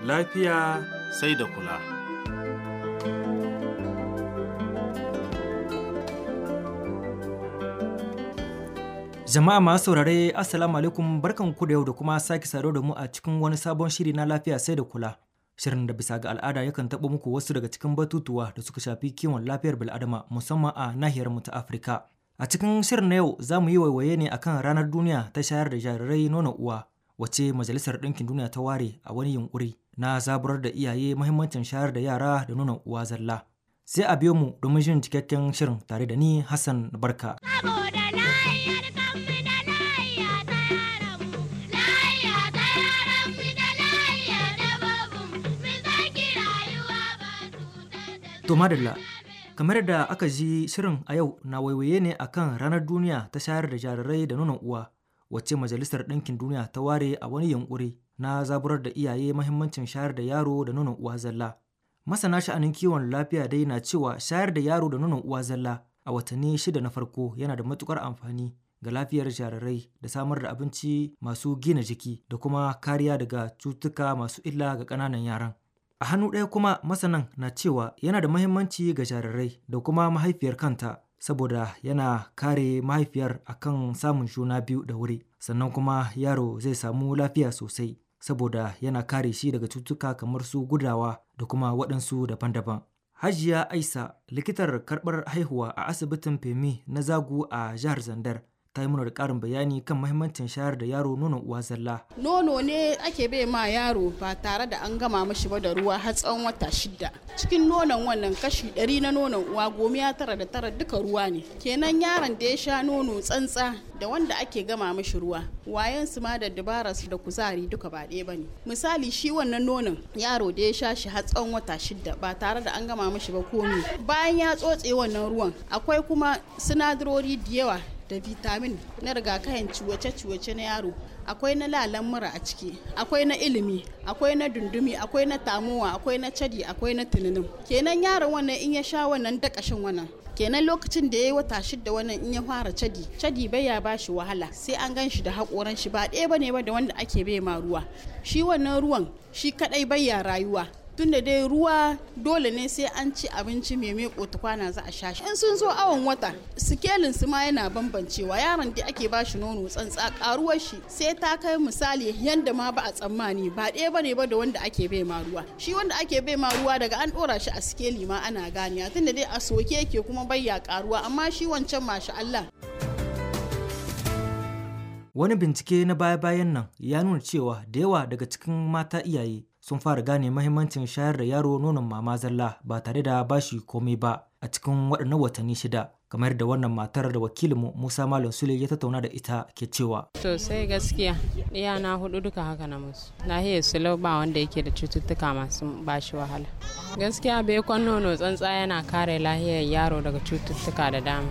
Lafiya sai da kula. Jama'a masu saurare Assalamu alaikum barkanku da yau da kuma sake saro da mu a cikin wani sabon shiri na lafiya sai da kula. Shirin da bisa ga al'ada yakan taɓa muku wasu daga cikin batutuwa da suka shafi kiwon lafiyar bil'adama musamman a nahiyar mu ta Afirka. A cikin shirin na yau za mu yi waiwaye ne akan ranar duniya ta shayar da jarirai nono uwa wace majalisar ɗinkin duniya ta ware a wani yunƙuri na zaburar da iyaye muhimmancin shayar da yara da nuna uwa zalla sai a biyo mu domin jin cikakken shirin tare da ni hassan barka To kamar da aka ji shirin a yau na waiwaye ne akan ranar duniya ta shayar da jarirai da nuna uwa wacce Majalisar Ɗinkin Duniya ta ware a wani yunƙuri na zaburar da iyaye mahimmancin shayar da yaro da nonon uwa zalla. Masana sha'anin kiwon lafiya dai na cewa shayar da yaro da nonon uwa zalla a watanni shida na farko yana da matuƙar amfani ga lafiyar jarirai da samar da abinci masu gina jiki da kuma kariya daga cutuka masu illa ga ƙananan yaran. A hannu ɗaya kuma masanan na cewa yana da mahimmanci ga jarirai da kuma mahaifiyar kanta saboda yana kare mahaifiyar akan samun juna biyu da wuri sannan kuma yaro zai samu lafiya sosai saboda yana kare shi daga cutuka kamar su gudawa da kuma waɗansu daban-daban. Hajiya Aisa likitar karɓar haihuwa a asibitin Femi na Zagu a jihar Zandar ta yi mana da ƙarin bayani kan mahimmancin shayar da yaro nonon uwa zalla. Nono ne ake bai ma yaro ba tare da an gama mashi ba da ruwa har tsawon wata shida. Cikin nonon wannan kashi ɗari na nonon uwa ya tara da tara duka ruwa ne. Kenan yaron da ya sha nono tsantsa da wanda ake gama mashi ruwa. Wayan su ma da dabara da kuzari duka ba ɗaya ba ne. Misali shi wannan nonon yaro da ya sha shi har tsawon wata shida ba tare da an gama mashi ba komi. Bayan ya tsotse wannan ruwan akwai kuma sinadarori da yawa da vitamin na rigakafin ciwace-ciwace na yaro akwai na lalan mura a ciki akwai na ilimi akwai na dundumi akwai na tamowa akwai na cadi akwai na tunanin kenan yaron wannan in ya sha wannan dakashin wannan kenan lokacin da ya yi wata shida wannan in ya fara cadi cadi bai ya ba shi wahala sai an gan shi da hakoran shi ba ɗaya bane ba da wanda ake bai ma ruwa shi wannan ruwan shi kadai bai ya rayuwa tunda dai ruwa dole ne sai an ci abinci mai mai kwana za a sha in sun zo awon wata sikelin su ma yana bambancewa yaron da ake ba shi nono tsantsa karuwar shi sai ta kai misali yanda ma ba a tsammani ba ɗaya bane ba da wanda ake bai ma ruwa shi wanda ake bai ma ruwa daga an dora shi a sikeli ma ana ganiya tunda dai a soke yake kuma bayya karuwa amma shi wancan masha Allah Wani bincike na baya-bayan nan ya nuna cewa da yawa daga cikin mata iyaye sun fara gane mahimmancin shayar da yaro nonon mama zalla ba tare da bashi komai ba a cikin waɗannan watanni shida kamar da wannan matar da wakilinmu Musa Malam Sule ya tattauna da ita ke cewa. Sosai gaskiya iya na hudu duka haka na musu. Lahiyar Sulau ba wanda yake da cututtuka masu bashi wahala. Gaskiya bekon nono tsantsa yana kare lahiyar yaro daga cututtuka da dama.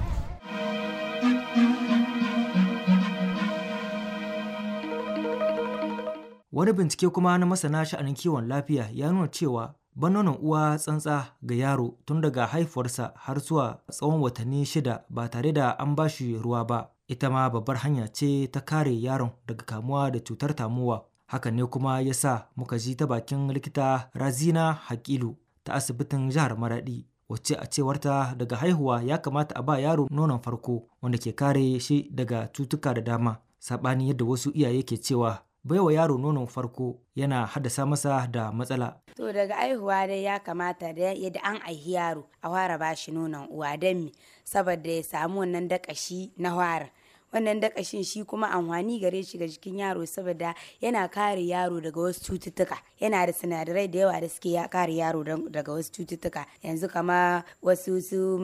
Wani bincike kuma na masana sha'anin kiwon lafiya ya nuna cewa ban uwa tsantsa ga yaro tun daga haifuwarsa har zuwa tsawon watanni shida ba tare da an ba shi ruwa ba ita ma babbar hanya ce ta kare yaron daga kamuwa da cutar tamuwa hakan ne kuma ya sa muka ji ta bakin likita razina hakilu ta asibitin jihar maradi wacce a cewarta daga haihuwa ya kamata a ba yaro nonon farko wanda ke kare shi daga cutuka da dama saɓani yadda wasu iyaye ke cewa baiwa yaro nonon farko yana haddasa masa da matsala. To daga aihuwa dai ya kamata da yadda an aihi yaro a fara bashi nonon uwa dami saboda ya samu wannan dakashi na fara wannan dakashin shi kuma amfani gare shi ga jikin yaro saboda yana kare yaro daga wasu cututtuka yana da sinadarai da yawa da suke ya kare yaro daga wasu cututtuka yanzu kama wasu su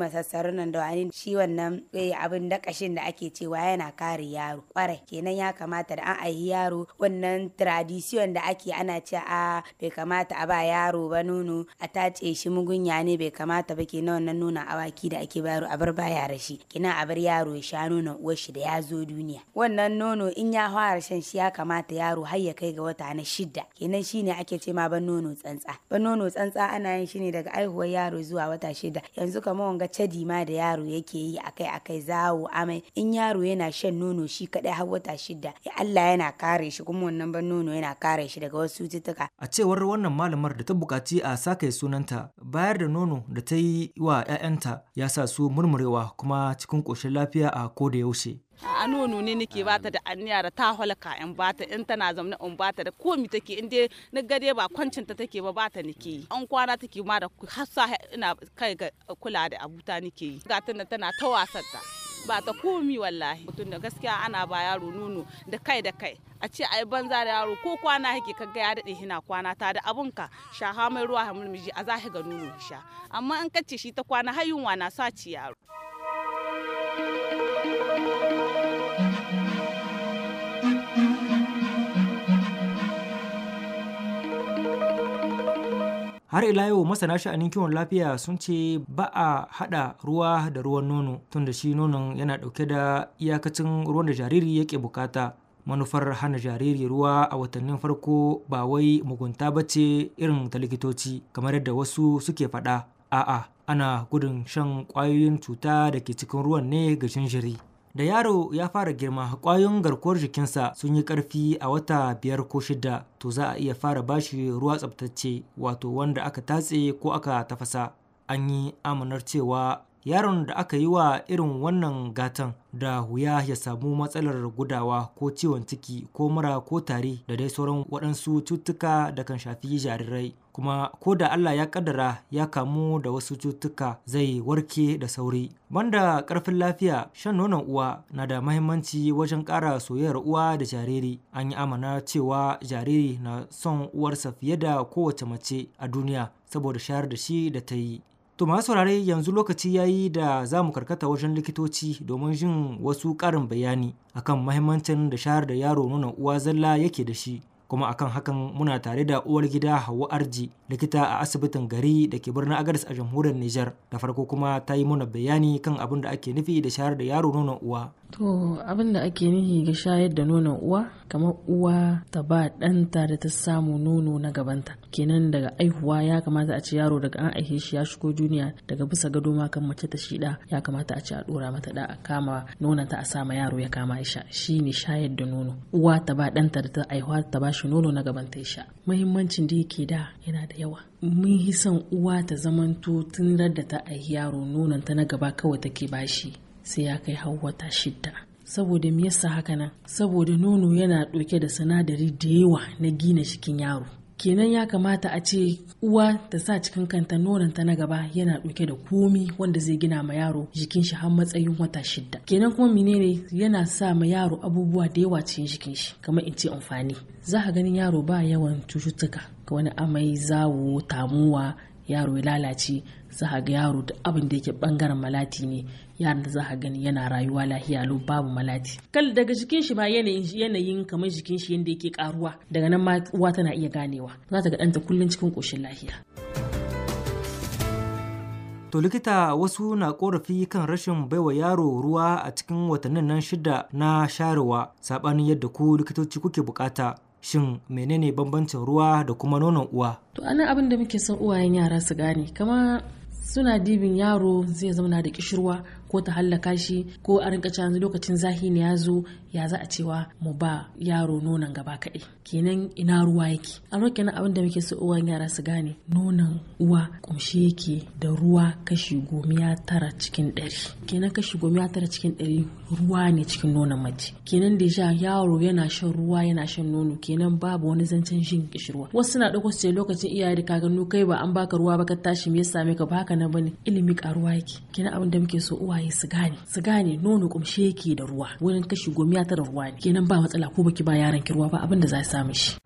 nan da wani shi wannan eh, abin dakashin da ake cewa yana kare yaro kwarai kenan ya kamata da an aihi yaro wannan tradition da ake ana ce a bai kamata a ba yaro ba nono a tace shi mugunya ne bai kamata ba kenan wannan nuna awaki da ake bayar a bar ba yara shi kina a bar yaro ya sha nono uwar shi da yaro zo duniya wannan nono in ya fara shan shi ya kamata yaro har ya kai ga wata na shida kenan shine ake ce ma ban nono tsantsa ban nono tsantsa ana yin shi ne daga aihuwar yaro zuwa wata shida yanzu kamar wanga cadi ma da yaro yake yi akai akai zawo amai in yaro yana shan nono shi kadai har wata shida ya Allah yana kare shi kuma wannan ban nono yana kare shi daga wasu cututtuka a cewar wannan malamar da ta bukaci a saka sunanta bayar da nono da ta yi wa 'ya'yanta ya sa su murmurewa kuma cikin ƙoshin lafiya a koda yaushe a nono ne nake bata da anniya da ta ka in bata in tana zamna in bata da komi take in dai na gade ba kwancin ta take ba bata nake an kwana take ma da hassa ina kai ga kula da abuta nake ga tana tana ta wasan ta ba ta komi wallahi mutum da gaskiya ana ba yaro nono da kai da kai a ce ai banza da yaro ko kwana yake ga ya dade hina kwana ta da abun sha shaha mai ruwa mulmiji a zahi ga nono sha amma in kace shi ta kwana har yunwa na saci yaro har ila yau masana sha'anin kiwon lafiya sun ce ba a haɗa ruwa da ruwan nono tunda shi nonon yana ɗauke da iyakacin ruwan da jariri yake bukata manufar hana jariri ruwa a watannin farko ba wai mugunta ba ce irin ta likitoci kamar yadda wasu suke faɗa a'a ana gudun shan ƙwayoyin cuta da ke cikin ruwan ne ga jinjiri da yaro ya fara girma ƙwayoyin garkuwar jikinsa sun yi ƙarfi a wata biyar ko shida to za a iya fara bashi ruwa tsabtacce wato wanda aka tatse ko aka tafasa an yi amanar cewa yaron da aka yi wa irin wannan gatan da huya ya samu matsalar gudawa ko ciwon ciki ko mura ko tari da dai sauran waɗansu cutuka da kan shafi jarirai kuma ko da Allah ya kaddara ya kamu da wasu cutuka zai warke da sauri banda ƙarfin lafiya shan nonon uwa na da mahimmanci wajen ƙara soyayyar uwa da jariri an yi amana cewa jariri na son uwarsa fiye da kowace mace a duniya saboda shayar da shi da ta yi To masu saurare yanzu lokaci ya yi da za mu karkata wajen likitoci domin jin wasu ƙarin bayani akan mahimmancin da shahar da yaro nuna uwa zalla yake da shi. Kuma akan hakan muna tare da uwar gida Hauwa Arji likita a asibitin gari da ke birnin Agadis a jamhuriyar Nijar. Da farko kuma ta yi muna bayani kan abin da ake nufi da shahar da yaro nuna uwa To abin da ake nihi ga shayar da nonon uwa kamar uwa ta ba ɗanta da ta samu nono na gabanta kenan daga aihuwa ya kamata a ce yaro daga an aihe shi ya shigo duniya daga bisa gado ma kan mace ta shida ya kamata a ce a dora mata da a kama nonon ta a sama yaro ya kama ya sha shi ne shayar da nono uwa ta ba ɗanta da ta aihuwa ta ba shi nono na gabanta ya sha muhimmancin da yake da yana da yawa mun yi son uwa ta zamanto tun da ta aihi yaro nonon ta na gaba kawai take bashi sai ya kai har wata shida saboda me yasa haka nan saboda nono yana ɗauke da sinadari da yawa na gina jikin yaro kenan ya kamata a ce uwa ta sa cikin kanta nononta na gaba yana ɗauke da komi wanda zai gina ma yaro jikin shi har matsayin wata shida kenan kuma menene yana sa ma yaro abubuwa da yawa cikin jikin shi kamar in ce amfani za ka ganin yaro ba yawan cututtuka wani amai zawo tamuwa yaro ya lalace za ga yaro da abin da yake bangaren malati ne yaron da za gani yana rayuwa lahiya lo babu malati kal daga jikin shi ma yanayin yanayin kamar jikin shi yanda yake karuwa daga nan ma uwa tana iya ganewa za ta ga ɗanta kullum cikin ƙoshin lahiya To likita wasu na korafi kan rashin baiwa yaro ruwa a cikin watannin nan shida na sharewa saɓanin yadda ku likitoci kuke bukata. shin menene bambancin ruwa da kuma nonon uwa to ana abin da muke son uwayen yara su gane kama suna dibin yaro zai zauna da kishirwa ko ta hallaka shi ko a rinka cewa lokacin zahi ne ya zo ya za a cewa mu ba yaro nonon gaba kaɗai kenan ina ruwa yake a roƙe na abin da muke so uwan yara su gane nonon uwa kumshe yake da ruwa kashi gomiya tara cikin ɗari kenan kashi gomiya tara cikin ɗari ruwa ne cikin nonon mace kenan da sha yaro yana shan ruwa yana shan nono kenan babu wani zancen shin kishirwa wasu suna ɗauko su ce lokacin iyaye da ka gano kai ba an baka ruwa ba ka tashi me ya same ka ba haka na bane ilimi ƙaruwa yake kenan abin da muke so uwaye iyaye su gane su gane nono kumshe yake da ruwa wurin kashi goma ya tara ruwa ne kenan ba matsala ko baki ba yaron ki ruwa ba abin da za samu shi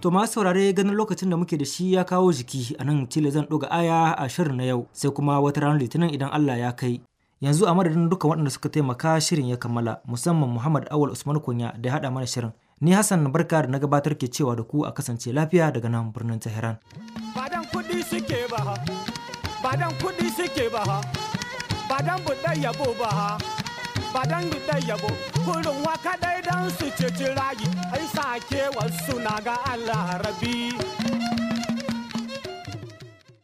To ma saurare ganin lokacin da muke da shi ya kawo jiki a nan tilo zan ɗoga aya a shirin na yau sai kuma wata ranar litinin idan Allah ya kai. Yanzu a madadin duka waɗanda suka taimaka shirin ya kammala musamman Muhammad Awal Usman Kunya da ya haɗa mana shirin. Ni Hassan Barka da na gabatar ke cewa da ku a kasance lafiya daga nan birnin Tehran. Badan kuɗi suke ba ha! badan kuɗi suke ba badan buɗe yabo ba badan buɗe yabo kurin waka dai dan su ceci rayu ai sake wasu na ga Allah rabi.